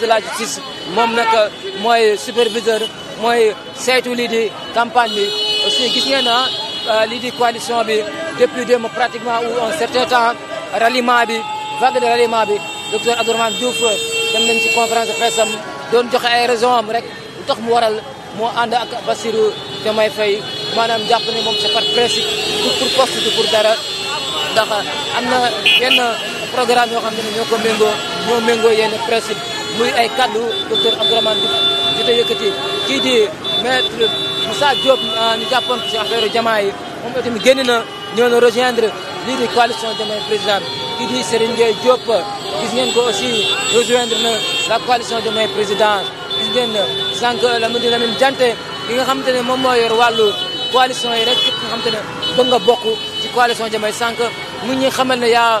ministre de la justice moom nag mooy superviseur mooy saytu lii di campagne bi aussi gis ngeen na ah, lii di coalition bi depuis démb pratiquement ou un certain temps ralliement bi vague de ralliement bi docteur Abdourahmane Diouf dem nañ ci conférence de presse doon joxe ay raison am rek lu tax mu waral moo ànd ak Bassirou Diomaye Faye maanaam jàpp ne moom c'est par principe du pour poste du pour dara ndax am na yenn programme yoo xam ne ñoo ko méngoo ñoo méngoo yenn principe muy ay kaddu docteur Abdourahmane Diouf di ko yëkkati kii di maître Moussa Diop ah, ñu jàppoon ci affaire jamaa yi moom itamit génn na ñëw na rejoindre lii di coalition Diomaye président kii di Serigne Ndiaye Diop gis ngeen ko aussi rejoindre na la coalition Diomaye président gis ngeen sànq la mu di Lamine Diante li nga xamante ne moom moo yor wàllu coalition yi rek képp nga xamante ne bëgg nga bokk ci coalition Diomaye sànq mu ñi xamal ne yaa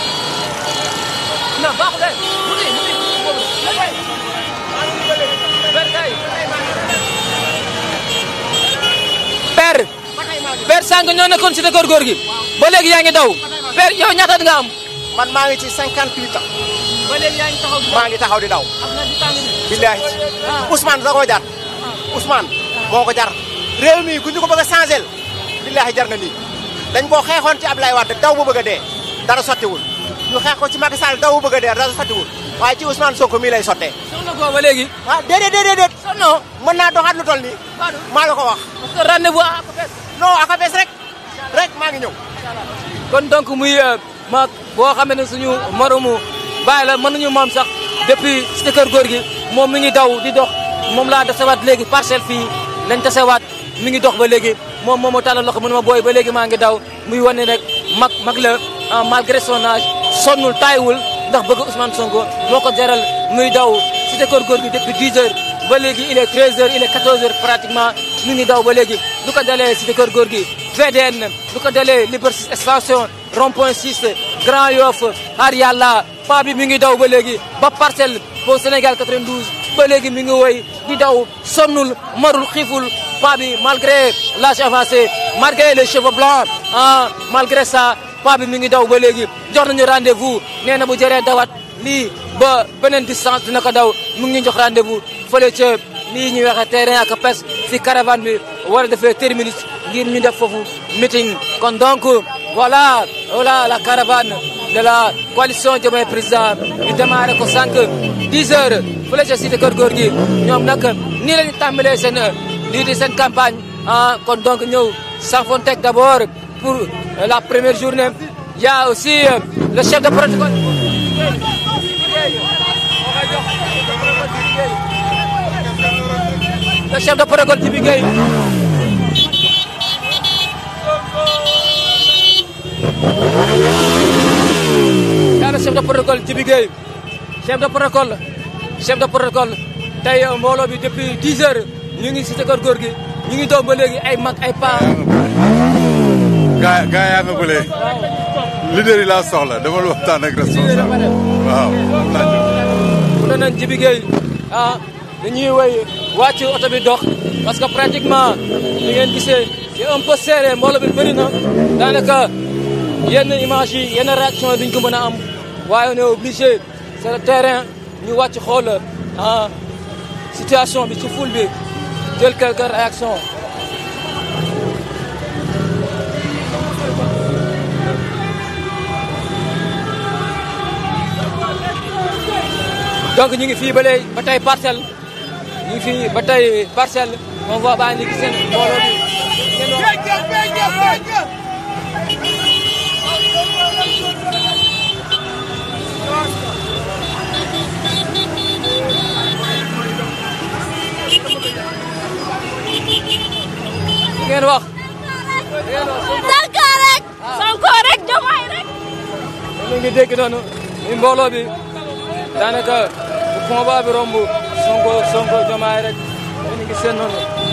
baaxuleen mu ngi mu ngi boobu la kay góor gi ba léegi yaa ngi daw per yow ñaataat nga am man maa ngi ci cinquante ans maa ngi taxaw di daw billaahi ah. Ousmane da koo jar ah. Ousmane moo ko jar réew mi ku ñu ko bëgg a billaahi jar na lii dañ koo xeexoon ci Ablaye Wade daw bu bëgg a dee dara sottiwul ñu xeex ko ci Macky Sall daw bëgg a dee daal fàttiwul waaye ci Ousmane Sonko mii lay sottee. sonn ko ba léegi. ah déedéet déedéet déet. mën naa doxaat lu toll nii. maa la ko wax. parce que rendez-vous à ACOPES. non rek. rek maa ngi ñëw. kon donc muy euh, ma boo xam ne suñu moromu bàyyi la mën ñu moom sax depuis si kër góor gi moom mi ngi daw di dox moom laa tasewaat léegi parcelle fii lañ tasewaat mu ngi dox ba léegi moom moo ma tàllal loxo mu ne ma booy ba léegi maa ngi daw muy wane rek mag la ah, malgré sonnul taayiwul ndax bëgg Ousmane Sonko moo ko jaral muy daw cité kër góor gi depuis 10 heures ba léegi il est 13 heures il pratiquement ñu ngi daw ba léegi lu ko dalee cité kër góor gi VDN lu ko dalee Liberté station rond point 6 Grand Yoff Har Yalla pa bi mi ngi daw ba léegi ba parcelle boo Sénégal 92 ba léegi mi ngi woy di daw sonnul marul xiiful pa bi malgré l'âge avancé malgré les cheveux blancs ah malgré sa paa bi mi ngi daw ba léegi jox nañu rendez-vous nee na bu jëree dawat lii ba beneen distance dina ko daw mu ngi ñu jox rendez-vous fële ca lii ñuy waxee terrain ak pes si caravane bi war a defee terminus ngir ñu def foofu meeting. kon donc voilà voilà la caravane de la coalition Diomaye Président ñu démarré ko sànq 10 heures fële ca cité Keur Gorgui ñoom nag nii la ñu tàmbalee seen lii di seen campagne ah kon donc ñëw sànqoon teg d'abord. pour la première journée. Il y a aussi euh, le chef de protocole. Le chef de protocole Tibigay. Le chef de protocole Tibigay. Chef de protocole. Chef de protocole. tey euh, mbooloo bi depuis 10 heures ñu ngi si sa kër góor gi ñu ngi doom ba ay mag ay paa gaa gaa yaa nga bële leader yi laa soxla dama waxtaan ak responsable waaw. mu ne nañ Jibi Gueye ah dañuy woy wàcc oto bi dox parce que pratiquement li ngeen gisee c'est un peu serré mbooloo bi bëri na daanaka yenn image yi yenn réaction yi duñ ko mën a am waaye on est obligé terrain ñu wàcc xool ah, situation bi ci foule bi jël quelques réactions. donc ñu ngi fii ba léegi ba tey parcel ñu ngi fii ba tey parcel on voit baa ngi seen mbooloo bi. ngeen wax. Sonko rek. Sonko rek Diomaye rek. ñu ngi dégg noonu mbooloo bi daanaka. kuma babu rombo sun goyo sun goyo jama'ar da ke